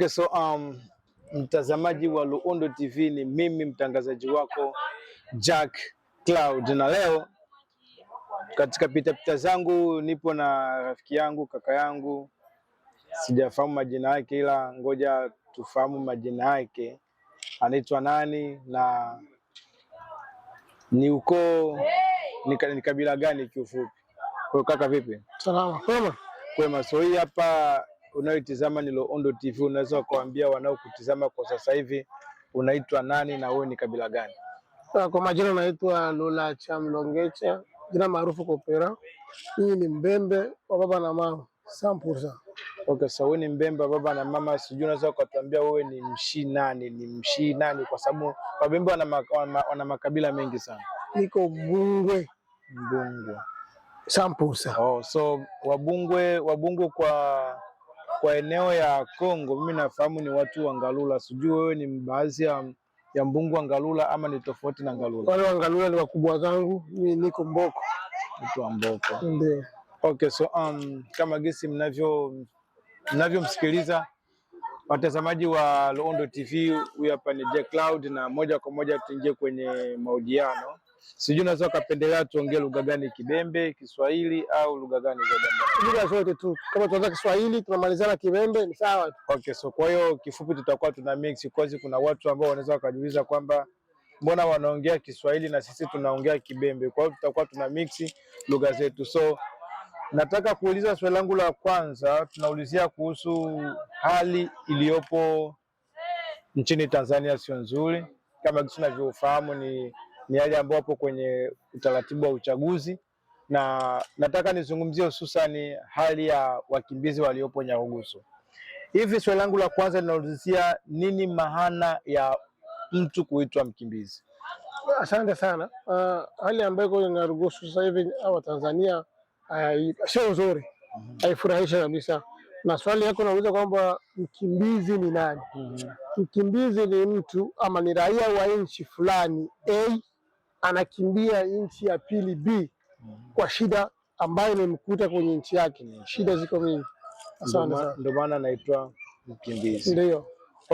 Okay, so um, mtazamaji wa Luundo TV ni mimi mtangazaji wako Jack Cloud, na leo katika pitapita zangu nipo na rafiki yangu, kaka yangu, sijafahamu majina yake, ila ngoja tufahamu majina yake, anaitwa nani na ni ukoo ni kabila gani kiufupi? Kwa kaka, vipi? Salama. Kwema. Kwema. So hii hapa unayoitizama ni Loondo TV, unaweza ukawaambia wanaokutizama kwa sasa hivi unaitwa nani na wewe ni kabila gani? Ah, kwa majina naitwa Lula Chamlongecha, jina maarufu Kopera. hii ni Mbembe wa baba na mama Sampursa. Okay, so wewe ni Mbembe wa baba na mama, sijui unaweza ukatuambia wewe ni mshi nani? Ni mshi nani? Kwa sababu Wabembe wana makabila mengi sana. Niko Bungwe. Bungwe. Sampursa. Oh, so Wabungwe, Wabungwe kwa kwa eneo ya Kongo, mimi nafahamu ni watu wa Ngalula. Sijui wewe ni baadhi ya, ya mbungu wa Ngalula ama ni tofauti na Ngalula? Wale wa Ngalula ni wakubwa zangu, mimi niko Mboko, mtu wa Mboko. Ndio. Okay, so um, kama gesi mnavyo mnavyomsikiliza watazamaji wa Luondo TV, huyu hapa ni Jack Cloud, na moja kwa moja tuingie kwenye mahojiano Sijui unaweza ukapendelea tuongee lugha gani, Kibembe, Kiswahili au lugha gani? Lugha zote tu, kama tunaanza Kiswahili tunamalizana Kibembe ni sawa. Okay, so kwa hiyo kifupi tutakuwa tuna mix kwazi, kuna watu ambao wanaweza wakajiuliza kwamba mbona wanaongea Kiswahili na sisi tunaongea Kibembe? Kwa hiyo tutakuwa tuna mix lugha zetu. So nataka kuuliza swali langu la kwanza, tunaulizia kuhusu hali iliyopo nchini Tanzania sio nzuri, kama jinsi tunavyofahamu ni ni yale ambayo yapo kwenye utaratibu wa uchaguzi, na nataka nizungumzie hususani hali ya wakimbizi waliopo Nyarugusu. Hivi swali langu la kwanza linaulizia nini maana ya mtu kuitwa mkimbizi? Asante sana. Uh, hali ambayo iko Nyarugusu sasa hivi au Tanzania uh, sio nzuri, mhm. haifurahisha mm -hmm. kabisa na swali yako nauliza kwamba mkimbizi ni nani? mm -hmm. Mkimbizi ni mtu ama ni raia wa nchi fulani a anakimbia nchi ya pili B kwa shida ambayo imemkuta kwenye nchi yake. Shida ziko mingi, ndio maana anaitwa mkimbizi. Ndio.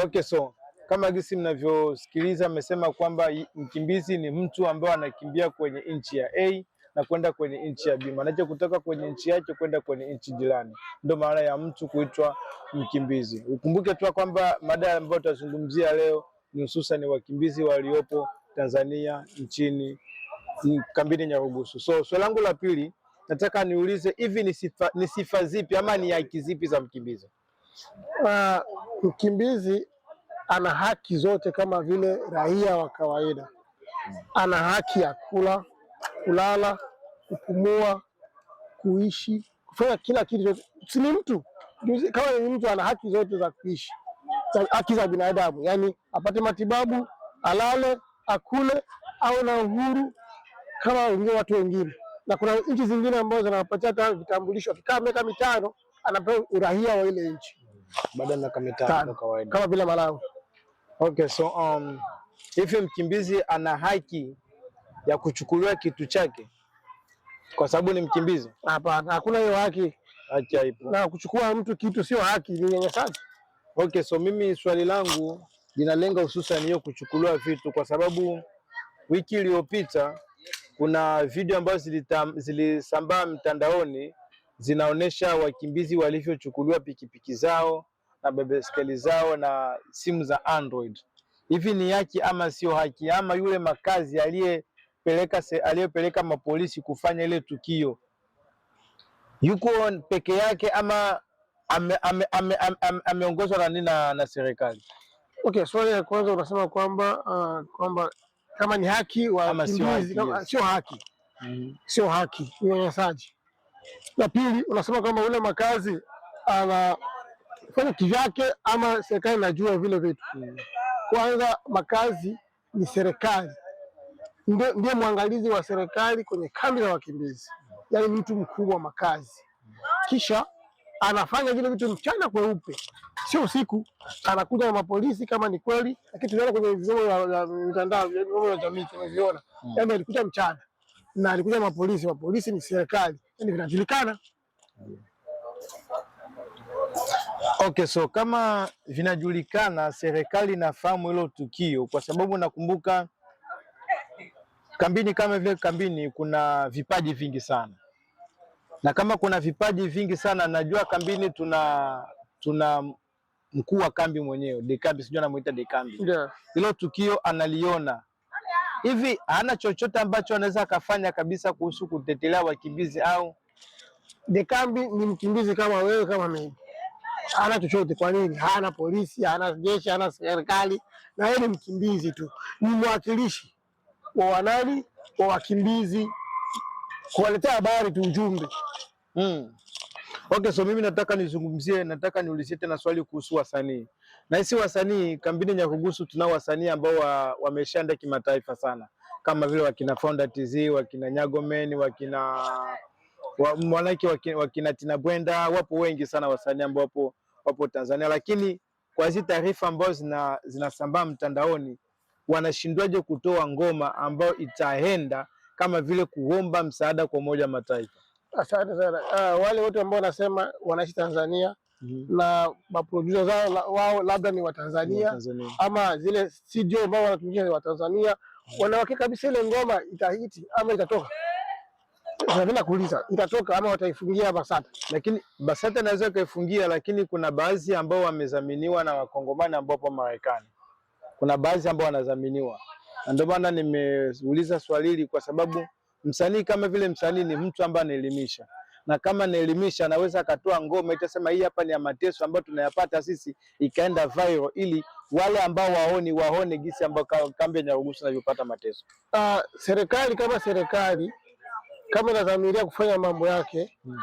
Okay, so kama gisi mnavyosikiliza, amesema kwamba mkimbizi ni mtu ambaye anakimbia kwenye nchi ya A na kwenda kwenye nchi ya B, maanake kutoka kwenye nchi yake kwenda kwenye nchi jirani, ndio maana ya mtu kuitwa mkimbizi. Ukumbuke tu kwamba mada ambayo tutazungumzia leo ni hususan wakimbizi waliopo Tanzania nchini kambini Nyarugusu. So swali langu la pili nataka niulize hivi ni sifa, ni sifa zipi ama ni haki zipi za mkimbizi? Uh, mkimbizi ana haki zote kama vile raia wa kawaida. Ana haki ya kula, kulala, kupumua, kuishi, kufanya kila kitu. Si ni mtu kama ni mtu, ana haki zote za kuishi, haki za binadamu, yaani apate matibabu, alale akule au na uhuru kama watu wengine, na kuna nchi zingine ambazo zinawapatia hata vitambulisho, akikaa miaka mitano anapewa uraia wa ile nchi baada ya miaka mitano kama vile Malawi. Okay, so um, hivi mkimbizi ana haki ya kuchukuliwa kitu chake kwa sababu ni mkimbizi? Hapana, hakuna hiyo haki. Haki haipo, na kuchukua mtu kitu sio haki, ni nyanyasaji. Okay, so mimi swali langu linalenga hususan hiyo kuchukuliwa vitu, kwa sababu wiki iliyopita kuna video ambazo zilisambaa mtandaoni zinaonesha wakimbizi walivyochukuliwa pikipiki zao na bebeskeli zao na simu za Android. Hivi ni haki ama sio haki? Ama yule makazi aliyepeleka aliyepeleka mapolisi kufanya ile tukio yuko peke yake ama ameongozwa ame, ame, ame, ame na nini na serikali? Okay, swali ya kwanza unasema kwamba uh, kwamba kama ni haki wakimbizi sio haki, mm-hmm. sio haki, ni unyanyasaji. La pili unasema kwamba yule makazi anafanya kivyake ama serikali inajua vile vitu mm. Kwanza makazi ni serikali, ndiye mwangalizi wa serikali kwenye kambi za wakimbizi, yaani mtu mkubwa wa makazi, kisha anafanya vile vitu mchana kweupe, sio usiku. Anakuja na mapolisi kama ni kweli, lakini tunaona kwenye vyombo vya mitandao, vyombo vya jamii tunaviona kwamba hmm. yaani alikuja mchana na alikuja mapolisi. Mapolisi ni serikali, yani vinajulikana. Okay, so kama vinajulikana, serikali inafahamu hilo tukio, kwa sababu nakumbuka kambini, kama vile kambini kuna vipaji vingi sana na kama kuna vipaji vingi sana, najua kambini tuna tuna mkuu wa kambi mwenyewe dekambi, sijui anamuita dekambi, yeah. Hilo tukio analiona hivi, hana chochote ambacho anaweza akafanya kabisa kuhusu kutetelea wakimbizi au dekambi ni mkimbizi kama wewe kama mimi, hana chochote. Kwa nini? Hana polisi, hana jeshi, hana serikali, na yeye ni mkimbizi tu, ni mwakilishi wa wanani wa wakimbizi, kuwaletea habari tu, ujumbe Mm. Okay, so mimi nataka nizungumzie, nataka niulizie tena swali kuhusu wasanii. Na sisi wasanii kambini Nyarugusu tunao wasanii ambao wa, wameshaenda kimataifa sana kama vile wakina Fonda TZ, wakina Nyagomen, wakina wa, Mwanaki, wakina, wakina Tina Bwenda, wapo wengi sana wasanii ambao wapo, wapo Tanzania, lakini kwa hizi taarifa ambazo zina, zinasambaa mtandaoni wanashindwaje kutoa ngoma ambayo itaenda kama vile kuomba msaada kwa Umoja Mataifa? Asante sana. Uh, wale wote ambao wanasema wanaishi Tanzania mm -hmm. na maproducer zao la, wao labda ni Watanzania ama zile studio ambao wanatumia ni Watanzania mm -hmm. wanawake kabisa, ile ngoma itahiti ama itatoka Napenda kuuliza itatoka ama wataifungia BASATA? Lakini BASATA naweza kuifungia, lakini kuna baadhi ambao wamezaminiwa na wakongomani ambao wapo Marekani, kuna baadhi ambao wanazaminiwa, ndio maana nimeuliza swali hili kwa sababu Msanii kama vile msanii ni mtu ambaye anaelimisha na kama anaelimisha anaweza akatoa ngoma itasema hii hapa ni ya mateso ambayo tunayapata sisi, ikaenda viral ili wale ambao waoni waone gisi ambayo kambi ya Nyarugusu inavyopata mateso. Uh, serikali kama serikali kama inadhamiria kufanya mambo yake hmm.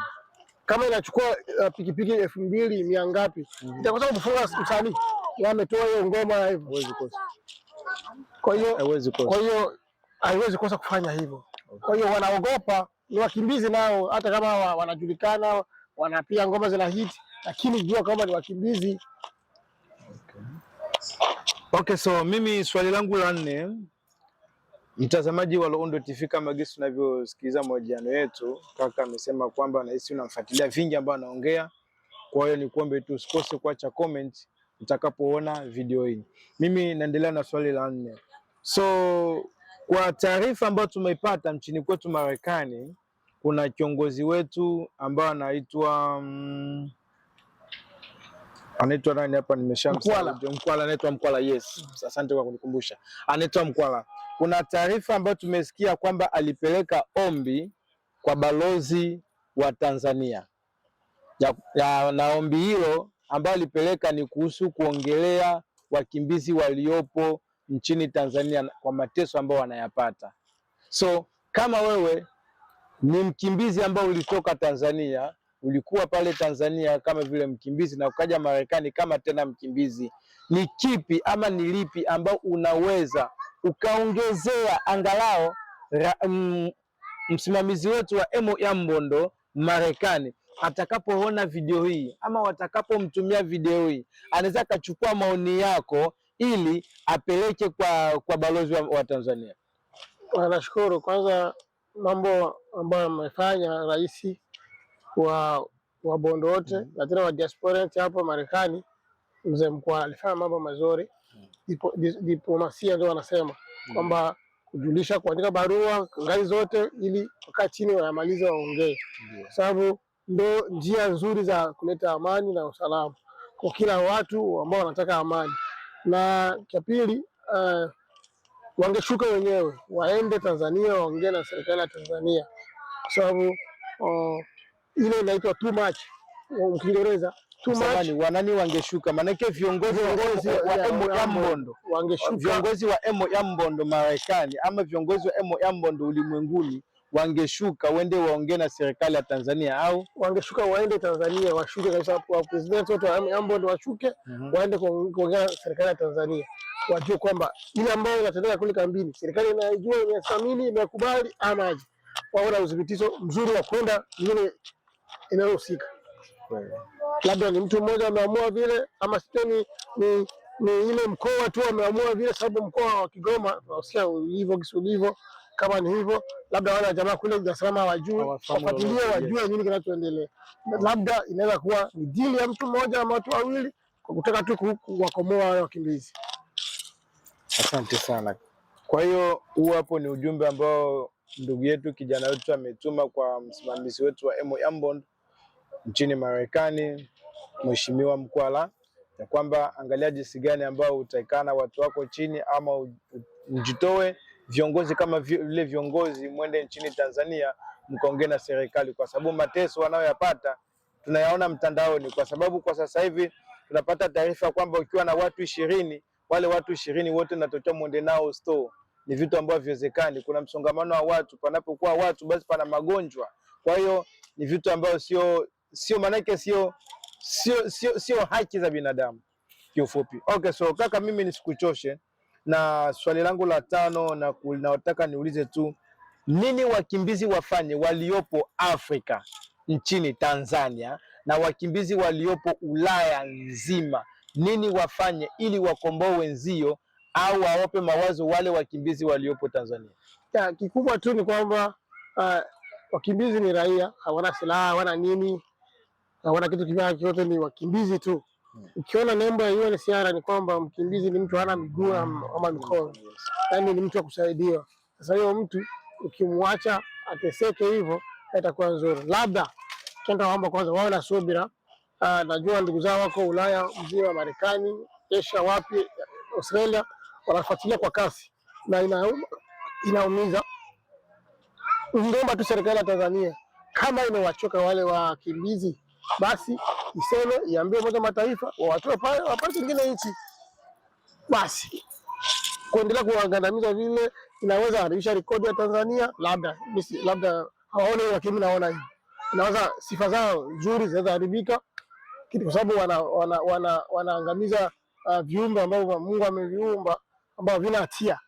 kama inachukua uh, pikipiki elfu mbili mia ngapi hmm. itakosa kufunga msanii ametoa hiyo ngoma hivyo, kwa hiyo haiwezi kosa kufanya hivyo. Kwa hiyo wanaogopa, ni wakimbizi nao, hata kama wanajulikana wanapia ngoma zina hit, lakini jua kama ni wakimbizi. Okay. Okay, so mimi swali langu la nne, mtazamaji wa Londondo TV, kama gesi tunavyosikiliza mahojiano yetu, kaka amesema kwamba anahisi unamfuatilia vingi ambayo anaongea. Kwa hiyo ni kuombe tu usikose kuacha comment utakapoona video hii. Mimi naendelea na swali la nne. So kwa taarifa ambayo tumeipata nchini kwetu Marekani, kuna kiongozi wetu ambaye anaitwa mm, anaitwa nani hapa, nimeshamkwala anaitwa Mkwala. Yes, asante kwa kunikumbusha, anaitwa Mkwala. Kuna taarifa ambayo tumesikia kwamba alipeleka ombi kwa balozi wa Tanzania ya, ya, na ombi hilo ambayo alipeleka ni kuhusu kuongelea wakimbizi waliopo nchini Tanzania kwa mateso ambayo wanayapata. So kama wewe ni mkimbizi ambao ulitoka Tanzania, ulikuwa pale Tanzania kama vile mkimbizi na ukaja Marekani kama tena mkimbizi, ni kipi ama ni lipi ambao unaweza ukaongezea angalao ra, m, mm, msimamizi wetu wa ya Mbondo Marekani atakapoona video hii ama watakapomtumia video hii, anaweza akachukua maoni yako ili apeleke kwa, kwa balozi wa, wa Tanzania? Nashukuru kwanza mambo ambayo amefanya rais wa wabondo wote mm -hmm. na tena wa diaspora hapo Marekani, mzee Mkwawa alifanya mambo mazuri mm -hmm. diplomasia ndio wanasema mm -hmm. kwamba kujulisha, kuandika barua ngazi zote, ili wakaa chini wanamaliza waongee mm kwa sababu ndo njia nzuri za kuleta amani na usalama kwa kila watu ambao wanataka amani na cha pili uh, wangeshuka wenyewe waende Tanzania waongee na serikali ya Tanzania kwa sababu uh, ile inaitwa too much Kiingereza wanani wangeshuka, maanake viongozi wa emo ya mbondo Marekani ama viongozi wa emo ya mbondo ulimwenguni wangeshuka waende waongee na serikali ya Tanzania au wangeshuka waende Tanzania, washuke kabisa, wa president wote wa ambao ndio washuke mm -hmm. waende kuongea na serikali ya Tanzania, wajue kwamba ile ambayo inatendeka kule kambini serikali inajua, inathamini, imekubali ama aje, waona udhibitisho mzuri wa kwenda ile inayohusika well. Labda ni mtu mmoja ameamua vile, ama sitemi ni, ni ile mkoa tu ameamua vile, sababu mkoa wa Kigoma tunasikia hivyo kisulivyo kama ni hivyo, labda wale jamaa kule Dar es Salaam wafuatilie wajue nini kinachoendelea. Labda inaweza kuwa ni dili ya mtu mmoja ama watu wawili, kwa kutaka tu kuwakomoa wale wakimbizi. Asante sana. Kwa hiyo huu hapo ni ujumbe ambao ndugu yetu kijana wetu ametuma kwa msimamizi wetu wa Emo nchini Marekani, Mheshimiwa Mkwala, ya kwamba angalia jinsi gani ambao utaikana watu wako chini ama ujitoe viongozi kama vile viongozi mwende nchini Tanzania mkaongee na serikali, kwa sababu mateso wanayoyapata tunayaona mtandaoni, kwa sababu kwa sasa hivi tunapata taarifa kwamba ukiwa na watu ishirini wale watu ishirini wote natokea mwende nao store. Ni vitu ambavyo haviwezekani. Kuna msongamano wa watu, panapokuwa watu basi pana magonjwa. Kwa hiyo ni vitu ambavyo sio sio, maanake sio sio sio haki za binadamu kiufupi. Okay, so kaka, mimi nisikuchoshe. Na swali langu la tano na naotaka niulize tu, nini wakimbizi wafanye waliopo Afrika nchini Tanzania na wakimbizi waliopo Ulaya nzima, nini wafanye ili wakomboe wenzio au wawape mawazo wale wakimbizi waliopo Tanzania? Ya, kikubwa tu ni kwamba uh, wakimbizi ni raia, hawana silaha, hawana nini, hawana kitu kibaya, kiote ni wakimbizi tu. Hmm. Ukiona nembo ya UNHCR ni kwamba mkimbizi ni mtu hana miguu ama mikono, hmm, yaani ni mtu wa kusaidiwa. Sasa hiyo mtu ukimwacha ateseke hivyo, itakuwa nzuri. Labda tunaomba kwanza wawe na subira. Ah, najua ndugu zao wako Ulaya mzima, Marekani, Asia, wapi, Australia, wanafuatilia kwa kasi na inauma, inaumiza. Ningeomba tu serikali ya Tanzania kama imewachoka wale wakimbizi basi iseme iambie Umoja Mataifa wawatoe pale wapate nyingine nchi, basi kuendelea kuangandamiza vile inaweza haribisha rekodi ya Tanzania. Labda misi, labda hawaone, lakini naona hivi inaweza sifa zao nzuri zinaweza haribika kitu, kwa sababu wanaangamiza wana, wana, wana uh, viumbe ambavyo Mungu ameviumba ambao vina hatia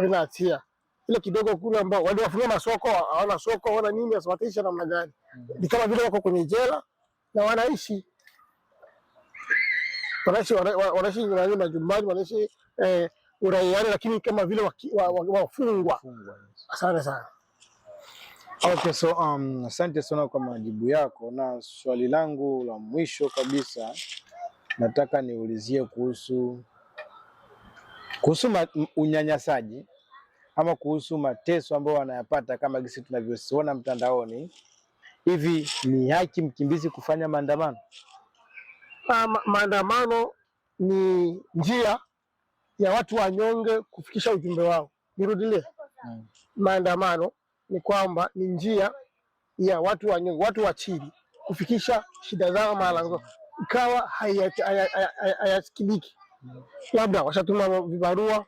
vina hatia ile kidogo kule, ambao waliwafungia masoko, hawana soko, hawana nini, wataisha namna gani? Mm. Ni kama vile wako kwenye jela na wanaishi wanaishi wanaishi majumbani, wanaishi eh, uraiani, lakini kama vile wafungwa asante sana. Okay, so um, asante sana kwa majibu yako, na swali langu la mwisho kabisa nataka niulizie kuhusu kuhusu unyanyasaji ama kuhusu mateso ambayo wanayapata kama gisi tunavyoona mtandaoni hivi, ni haki mkimbizi kufanya maandamano? Ah, ma maandamano ni njia ya watu wanyonge kufikisha ujumbe wao. Nirudilie, hmm. Maandamano ni kwamba ni njia ya watu wanyonge, watu wa chini kufikisha shida zao malango ikawa hayasikiliki, hmm. labda washatuma vibarua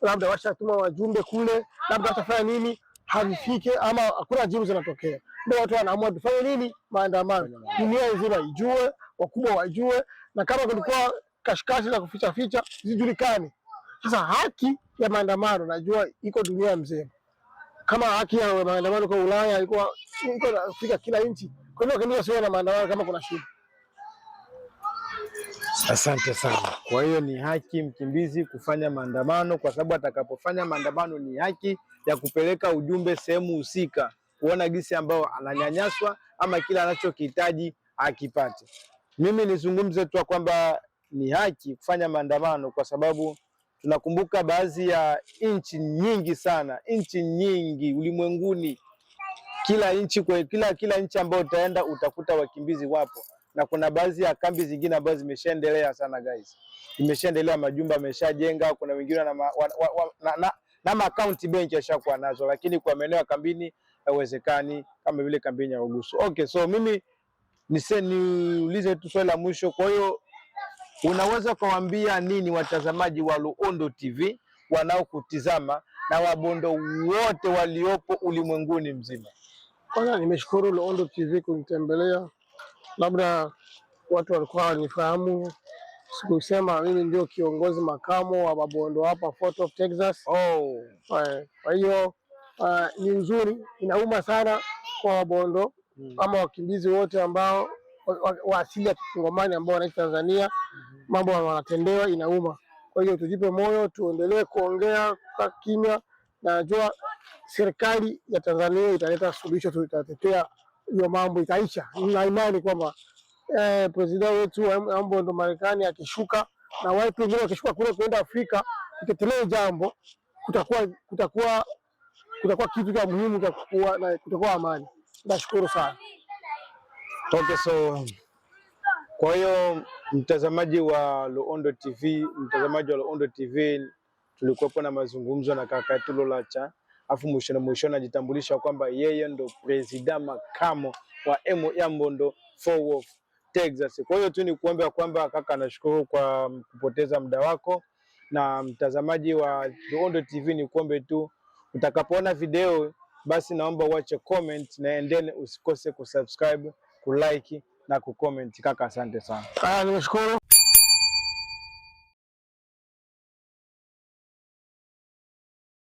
labda washatuma wajumbe kule, labda watafanya nini, havifike ama hakuna jibu zinatokea, ndio watu wanaamua tufanye nini, maandamano. Dunia nzima ijue, wakubwa wajue, na kama kulikuwa kashikashi za kuficha ficha zijulikane. Sasa haki ya maandamano najua iko dunia mzima, kama haki ya maandamano kwa Ulaya iko iko nafika kila nchi, kwa hiyo wakimbiza sio na maandamano kama kuna shida Asante sana. Kwa hiyo ni haki mkimbizi kufanya maandamano, kwa sababu atakapofanya maandamano ni haki ya kupeleka ujumbe sehemu husika, kuona gisi ambayo ananyanyaswa ama kila anachokihitaji akipate. Mimi nizungumze tu kwamba ni haki kufanya maandamano, kwa sababu tunakumbuka baadhi ya nchi nyingi sana, nchi nyingi ulimwenguni, kila nchi kwa kila, kila nchi ambayo utaenda utakuta wakimbizi wapo na kuna baadhi ya kambi zingine ambazo zimeshaendelea sana guys, imeshaendelea majumba ameshajenga, kuna wengine na, na, na, na makaunti benchi ashakuwa nazo, lakini kwa maeneo ya kambini haiwezekani kama vile kambini ya Ugusu. Okay, so mimi niulize tu swali la mwisho. Kwa hiyo unaweza kuwaambia nini watazamaji wa Luundo TV wanaokutizama na Wabondo wote waliopo ulimwenguni mzima? Kwanza nimeshukuru Luundo TV kunitembelea labda watu walikuwa wanifahamu, sikusema mimi ndio kiongozi makamo wa Babondo hapa Fort of Texas. Oh. Eh, kwa hiyo uh, ni nzuri, inauma sana kwa Wabondo hmm. ama wakimbizi wote ambao wa asili ya Kikongomani ambao wanaishi Tanzania -hmm. mambo wanatendewa inauma. Kwa hiyo tujipe moyo, tuendelee kuongea kwa kimya, na najua serikali ya Tanzania italeta suluhisho, tutatetea hiyo mambo ikaisha. Nina imani kwamba eh, president wetu ambaye ndo Marekani akishuka na watu wengine wakishuka kule kwenda Afrika kutetelea jambo, kutakuwa kutakuwa kutakuwa kitu cha muhimu cha kukua na kutakuwa amani. Nashukuru sana. Okay, so kwa hiyo mtazamaji wa Luondo TV, mtazamaji wa Luondo TV, tulikuwepo na mazungumzo na kaka yetu Lolacha afu mwishoni mwishoni ajitambulisha kwamba yeye ndo presida makamo wa Mbondo Fort Worth Texas. Kwa hiyo tu ni kuomba kwamba kaka, nashukuru kwa kupoteza muda wako, na mtazamaji wa Tuondo TV ni kuombe tu utakapoona video basi, naomba uache comment na endene, usikose kusubscribe, kulike na kucomment. Kaka, asante sana. Ah, nimeshukuru.